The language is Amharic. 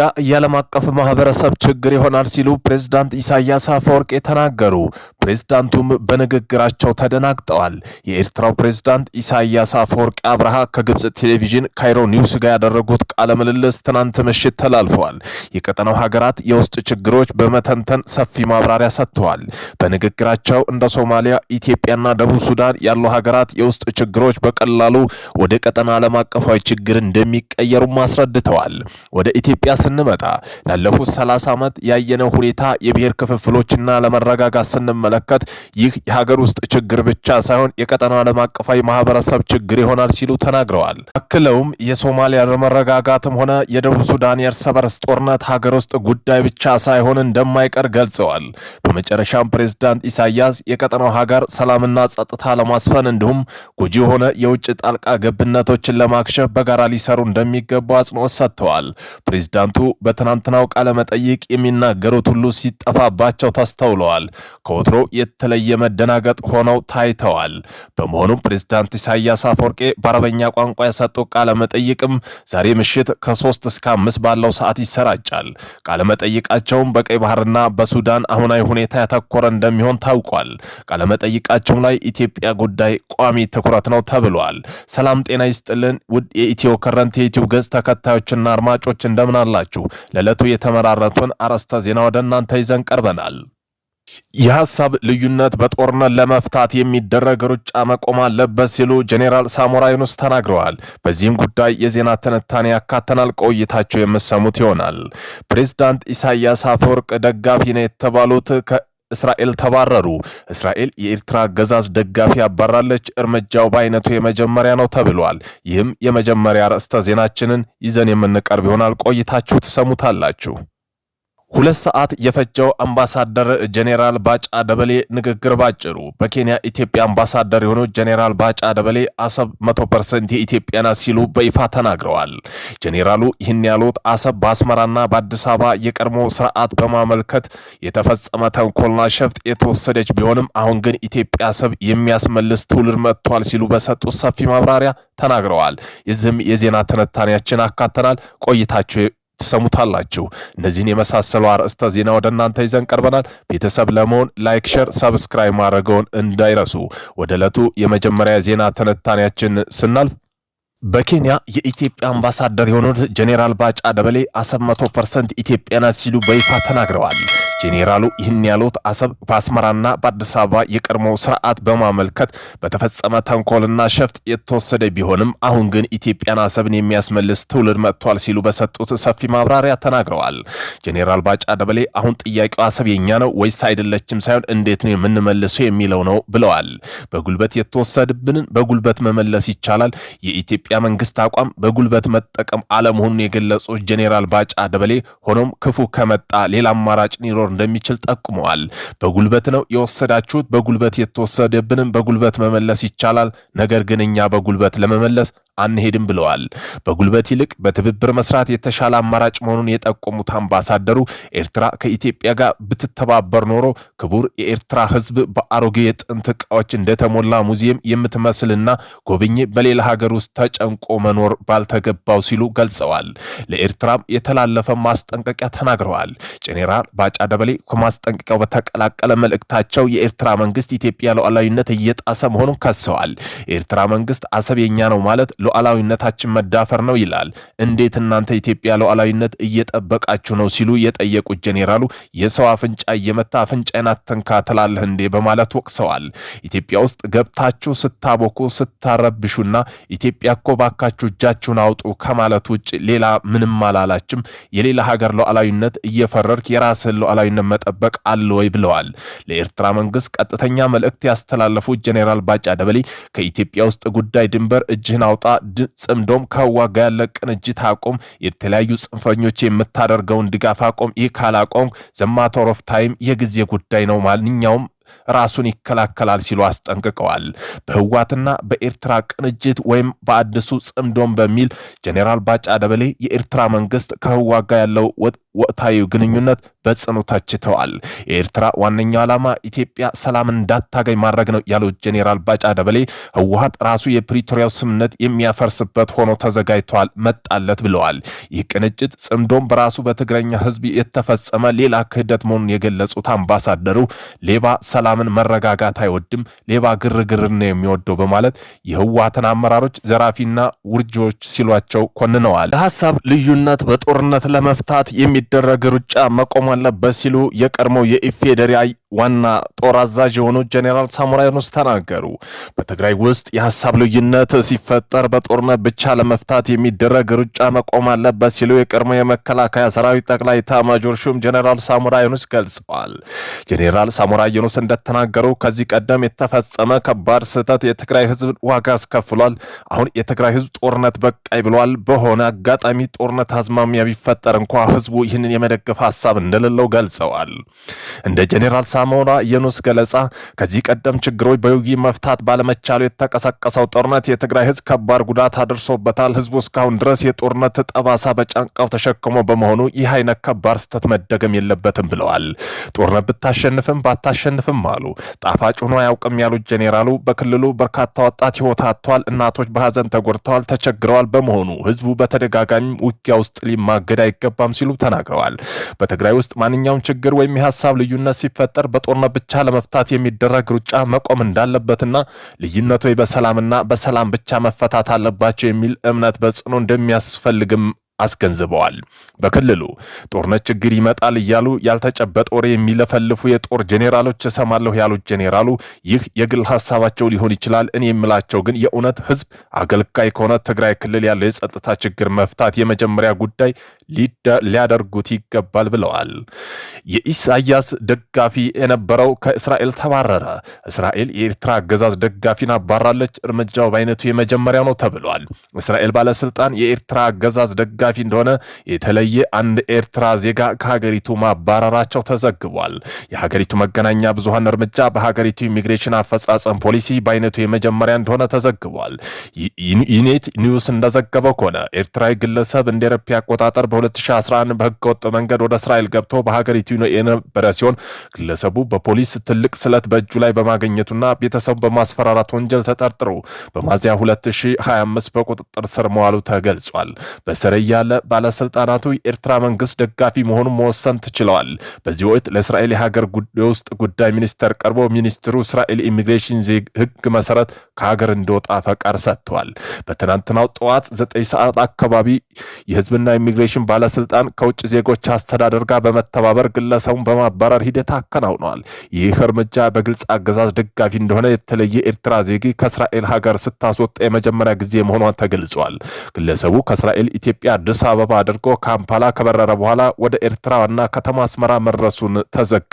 ኢትዮጵያ የዓለም አቀፍ ማህበረሰብ ችግር ይሆናል ሲሉ ፕሬዝዳንት ኢሳያስ አፈወርቄ ተናገሩ። ፕሬዝዳንቱም በንግግራቸው ተደናግጠዋል። የኤርትራው ፕሬዝዳንት ኢሳያስ አፈወርቂ አብርሃ ከግብፅ ቴሌቪዥን ካይሮ ኒውስ ጋር ያደረጉት ቃለ ምልልስ ትናንት ምሽት ተላልፈዋል። የቀጠናው ሀገራት የውስጥ ችግሮች በመተንተን ሰፊ ማብራሪያ ሰጥተዋል። በንግግራቸው እንደ ሶማሊያ፣ ኢትዮጵያና ደቡብ ሱዳን ያሉ ሀገራት የውስጥ ችግሮች በቀላሉ ወደ ቀጠና ዓለም አቀፋዊ ችግር እንደሚቀየሩም አስረድተዋል። ወደ ኢትዮጵያ ስንመጣ ላለፉት 30 ዓመት ያየነው ሁኔታ የብሔር ክፍፍሎችና ለመረጋጋት ስንመለከት የሚመለከት ይህ የሀገር ውስጥ ችግር ብቻ ሳይሆን የቀጠናው ዓለም አቀፋዊ ማህበረሰብ ችግር ይሆናል ሲሉ ተናግረዋል። አክለውም የሶማሊያ ለመረጋጋትም ሆነ የደቡብ ሱዳን የእርስ በርስ ጦርነት ሀገር ውስጥ ጉዳይ ብቻ ሳይሆን እንደማይቀር ገልጸዋል። በመጨረሻም ፕሬዝዳንት ኢሳያስ የቀጠናው ሀገር ሰላምና ጸጥታ ለማስፈን እንዲሁም ጎጂ የሆነ የውጭ ጣልቃ ገብነቶችን ለማክሸፍ በጋራ ሊሰሩ እንደሚገቡ አጽንኦት ሰጥተዋል። ፕሬዝዳንቱ በትናንትናው ቃለመጠይቅ የሚናገሩት ሁሉ ሲጠፋባቸው ተስተውለዋል። ከወትሮ የተለየ መደናገጥ ሆነው ታይተዋል። በመሆኑም ፕሬዝዳንት ኢሳያስ አፈወርቄ በአረበኛ ቋንቋ የሰጡት ቃለ መጠይቅም ዛሬ ምሽት ከሶስት እስከ አምስት ባለው ሰዓት ይሰራጫል። ቃለ መጠይቃቸውም በቀይ ባህርና በሱዳን አሁናዊ ሁኔታ ያተኮረ እንደሚሆን ታውቋል። ቃለ ላይ ኢትዮጵያ ጉዳይ ቋሚ ትኩረት ነው ተብሏል። ሰላም ጤና ይስጥልን ውድ የኢትዮ ከረንት የዩቲዩብ ገጽ ተከታዮችና አድማጮች እንደምን አላችሁ? ለዕለቱ የተመራረቱን አርዕስተ ዜና ወደ እናንተ ይዘን ቀርበናል። የሀሳብ ልዩነት በጦርነት ለመፍታት የሚደረግ ሩጫ መቆም አለበት ሲሉ ጄኔራል ሳሞራ ዩኑስ ተናግረዋል። በዚህም ጉዳይ የዜና ትንታኔ ያካተናል። ቆይታቸው የምሰሙት ይሆናል። ፕሬዝዳንት ኢሳያስ አፈወርቅ ደጋፊ ነው የተባሉት እስራኤል ተባረሩ። እስራኤል የኤርትራ ገዛዝ ደጋፊ ያባራለች። እርምጃው በአይነቱ የመጀመሪያ ነው ተብሏል። ይህም የመጀመሪያ ርዕስተ ዜናችንን ይዘን የምንቀርብ ይሆናል። ቆይታችሁ ትሰሙታላችሁ። ሁለት ሰዓት የፈጀው አምባሳደር ጄኔራል ባጫ ደበሌ ንግግር ባጭሩ በኬንያ ኢትዮጵያ አምባሳደር የሆኑት ጄኔራል ባጫ ደበሌ አሰብ መቶ ፐርሰንት የኢትዮጵያ ናት ሲሉ በይፋ ተናግረዋል። ጄኔራሉ ይህን ያሉት አሰብ በአስመራና በአዲስ አበባ የቀድሞ ስርዓት በማመልከት የተፈጸመ ተንኮልና ሸፍጥ የተወሰደች ቢሆንም አሁን ግን ኢትዮጵያ አሰብ የሚያስመልስ ትውልድ መጥቷል ሲሉ በሰጡት ሰፊ ማብራሪያ ተናግረዋል። የዚህም የዜና ትንታኔያችን አካተናል። ቆይታችሁ ትሰሙታላችሁ። እነዚህን የመሳሰሉ አርዕስተ ዜና ወደ እናንተ ይዘን ቀርበናል። ቤተሰብ ለመሆን ላይክ፣ ሸር፣ ሰብስክራይብ ማድረገውን እንዳይረሱ። ወደ ዕለቱ የመጀመሪያ ዜና ትንታኔያችን ስናልፍ በኬንያ የኢትዮጵያ አምባሳደር የሆኑት ጄኔራል ባጫ ደበሌ አሰብ መቶ ፐርሰንት ኢትዮጵያ ናት ሲሉ በይፋ ተናግረዋል። ጄኔራሉ ይህን ያሉት አሰብ በአስመራና በአዲስ አበባ የቀድሞው ስርዓት በማመልከት በተፈጸመ ተንኮልና ሸፍጥ የተወሰደ ቢሆንም አሁን ግን ኢትዮጵያን አሰብን የሚያስመልስ ትውልድ መጥቷል ሲሉ በሰጡት ሰፊ ማብራሪያ ተናግረዋል። ጄኔራል ባጫ ደበሌ አሁን ጥያቄው አሰብ የኛ ነው ወይስ አይደለችም ሳይሆን እንዴት ነው የምንመልሰው የሚለው ነው ብለዋል። በጉልበት የተወሰድብንን በጉልበት መመለስ ይቻላል። የኢትዮጵያ መንግስት አቋም በጉልበት መጠቀም አለመሆኑን የገለጹት ጄኔራል ባጫ ደበሌ ሆኖም ክፉ ከመጣ ሌላ አማራጭ ኒሮ ሊኖር እንደሚችል ጠቁመዋል። በጉልበት ነው የወሰዳችሁት፣ በጉልበት የተወሰደብንም በጉልበት መመለስ ይቻላል። ነገር ግን እኛ በጉልበት ለመመለስ አንሄድም ብለዋል። በጉልበት ይልቅ በትብብር መስራት የተሻለ አማራጭ መሆኑን የጠቆሙት አምባሳደሩ ኤርትራ ከኢትዮጵያ ጋር ብትተባበር ኖሮ ክቡር የኤርትራ ሕዝብ በአሮጌ የጥንት እቃዎች እንደተሞላ ሙዚየም የምትመስልና ጎብኝ በሌላ ሀገር ውስጥ ተጨንቆ መኖር ባልተገባው ሲሉ ገልጸዋል። ለኤርትራም የተላለፈ ማስጠንቀቂያ ተናግረዋል። ጄኔራል ባጫ ደበሌ ከማስጠንቀቂያው በተቀላቀለ መልእክታቸው የኤርትራ መንግስት ኢትዮጵያ ሉዓላዊነት እየጣሰ መሆኑን ከሰዋል። የኤርትራ መንግስት አሰብ የኛ ነው ማለት ሉዓላዊነታችን መዳፈር ነው ይላል። እንዴት እናንተ ኢትዮጵያ ሉዓላዊነት እየጠበቃችሁ ነው ሲሉ የጠየቁት ጄኔራሉ የሰው አፍንጫ እየመታ አፍንጫዬን አትንካ ትላለህ እንዴ በማለት ወቅሰዋል። ኢትዮጵያ ውስጥ ገብታችሁ ስታቦኩ ስታረብሹና ኢትዮጵያ እኮ ባካችሁ እጃችሁን አውጡ ከማለት ውጭ ሌላ ምንም አላላችም። የሌላ ሀገር ሉዓላዊነት እየፈረርክ የራስህን ሉዓላዊነት መጠበቅ አለ ወይ ብለዋል። ለኤርትራ መንግስት ቀጥተኛ መልእክት ያስተላለፉት ጄኔራል ባጫ ደበሌ ከኢትዮጵያ ውስጥ ጉዳይ ድንበር እጅህን አውጣ ጽምዶም ከዋጋ ያለ ቅንጅት አቁም፣ የተለያዩ ጽንፈኞች የምታደርገውን ድጋፍ አቁም። ይህ ካላቆም ዘማቶሮፍ ታይም የጊዜ ጉዳይ ነው። ማንኛውም ራሱን ይከላከላል ሲሉ አስጠንቅቀዋል። በህዋትና በኤርትራ ቅንጅት ወይም በአዲሱ ጽምዶን በሚል ጄኔራል ባጫ ደበሌ የኤርትራ መንግስት ከህዋ ጋር ያለው ወቅታዊ ግንኙነት በጽኑ ተችተዋል። የኤርትራ ዋነኛው ዓላማ ኢትዮጵያ ሰላም እንዳታገኝ ማድረግ ነው ያሉት ጄኔራል ባጫ ደበሌ ህወሀት ራሱ የፕሪቶሪያው ስምነት የሚያፈርስበት ሆኖ ተዘጋጅተዋል መጣለት ብለዋል። ይህ ቅንጅት ጽምዶም በራሱ በትግረኛ ህዝብ የተፈጸመ ሌላ ክህደት መሆኑን የገለጹት አምባሳደሩ ሌባ ሰላምን፣ መረጋጋት አይወድም፣ ሌባ ግርግርን ነው የሚወደው በማለት የህወሓትን አመራሮች ዘራፊና ውርጆች ሲሏቸው ኮንነዋል። የሀሳብ ልዩነት በጦርነት ለመፍታት የሚደረግ ሩጫ መቆም አለበት ሲሉ የቀድሞው የኢፌዴሪ ዋና ጦር አዛዥ የሆኑ ጄኔራል ሳሞራ ተናገሩ። በትግራይ ውስጥ የሀሳብ ልዩነት ሲፈጠር በጦርነት ብቻ ለመፍታት የሚደረግ ሩጫ መቆም አለበት ሲሉ የቀድሞ የመከላከያ ሰራዊት ጠቅላይ ኤታማዦር ሹም ጄኔራል ሳሞራ ገልጸዋል። ጄኔራል ሳሞራ እንደተናገረው ከዚህ ቀደም የተፈጸመ ከባድ ስህተት የትግራይ ህዝብ ዋጋ አስከፍሏል። አሁን የትግራይ ህዝብ ጦርነት በቃይ ብሏል። በሆነ አጋጣሚ ጦርነት አዝማሚያ ቢፈጠር እንኳ ህዝቡ ይህንን የመደገፍ ሀሳብ እንደሌለው ገልጸዋል። እንደ ጄኔራል ሳሞራ የኑስ ገለጻ ከዚህ ቀደም ችግሮች በውይይት መፍታት ባለመቻሉ የተቀሰቀሰው ጦርነት የትግራይ ህዝብ ከባድ ጉዳት አድርሶበታል። ህዝቡ እስካሁን ድረስ የጦርነት ጠባሳ በጫንቃው ተሸክሞ በመሆኑ ይህ አይነት ከባድ ስህተት መደገም የለበትም ብለዋል። ጦርነት ብታሸንፍም ባታሸንፍም አይሆንም አሉ። ጣፋጭ ሆኖ አያውቅም ያሉት ጄኔራሉ በክልሉ በርካታ ወጣት ህይወት አጥቷል፣ እናቶች በሀዘን ተጎድተዋል፣ ተቸግረዋል። በመሆኑ ህዝቡ በተደጋጋሚ ውጊያ ውስጥ ሊማገድ አይገባም ሲሉ ተናግረዋል። በትግራይ ውስጥ ማንኛውም ችግር ወይም የሀሳብ ልዩነት ሲፈጠር በጦርነት ብቻ ለመፍታት የሚደረግ ሩጫ መቆም እንዳለበትና ልዩነቶች በሰላምና በሰላም ብቻ መፈታት አለባቸው የሚል እምነት በጽኑ እንደሚያስፈልግም አስገንዝበዋል። በክልሉ ጦርነት ችግር ይመጣል እያሉ ያልተጨበጠ ወሬ የሚለፈልፉ የጦር ጄኔራሎች እሰማለሁ ያሉት ጄኔራሉ ይህ የግል ሀሳባቸው ሊሆን ይችላል። እኔ የምላቸው ግን የእውነት ህዝብ አገልጋይ ከሆነ ትግራይ ክልል ያለው የጸጥታ ችግር መፍታት የመጀመሪያ ጉዳይ ሊያደርጉት ይገባል ብለዋል። የኢሳያስ ደጋፊ የነበረው ከእስራኤል ተባረረ። እስራኤል የኤርትራ አገዛዝ ደጋፊን አባራለች። እርምጃው በአይነቱ የመጀመሪያ ነው ተብሏል። እስራኤል ባለስልጣን የኤርትራ አገዛዝ ደጋፊ ደጋፊ እንደሆነ የተለየ አንድ ኤርትራ ዜጋ ከሀገሪቱ ማባረራቸው ተዘግቧል። የሀገሪቱ መገናኛ ብዙሃን እርምጃ በሀገሪቱ ኢሚግሬሽን አፈጻጸም ፖሊሲ በአይነቱ የመጀመሪያ እንደሆነ ተዘግቧል። ዩኔት ኒውስ እንደዘገበው ከሆነ ኤርትራዊ ግለሰብ እንደ ኤሮፓ አቆጣጠር በ2011 በህገወጥ መንገድ ወደ እስራኤል ገብቶ በሀገሪቱ የነበረ ሲሆን ግለሰቡ በፖሊስ ትልቅ ስለት በእጁ ላይ በማግኘቱና ቤተሰቡ በማስፈራራት ወንጀል ተጠርጥሮ በማዚያ 2025 በቁጥጥር ስር መዋሉ ተገልጿል። በሰረያ ያለ ባለስልጣናቱ የኤርትራ መንግስት ደጋፊ መሆኑን መወሰን ትችለዋል። በዚህ ወቅት ለእስራኤል የሀገር ውስጥ ጉዳይ ሚኒስተር ቀርቦ ሚኒስትሩ እስራኤል ኢሚግሬሽን ህግ መሰረት ከሀገር እንደወጣ ፈቃድ ሰጥተዋል። በትናንትናው ጠዋት ዘጠኝ ሰዓት አካባቢ የህዝብና ኢሚግሬሽን ባለስልጣን ከውጭ ዜጎች አስተዳደር ጋር በመተባበር ግለሰቡን በማባረር ሂደት አከናውነዋል። ይህ እርምጃ በግልጽ አገዛዝ ደጋፊ እንደሆነ የተለየ ኤርትራ ዜጊ ከእስራኤል ሀገር ስታስወጣ የመጀመሪያ ጊዜ መሆኗን ተገልጿል። ግለሰቡ ከእስራኤል ኢትዮጵያ አዲስ አበባ አድርጎ ካምፓላ ከበረረ በኋላ ወደ ኤርትራ ዋና ከተማ አስመራ መድረሱን ተዘግ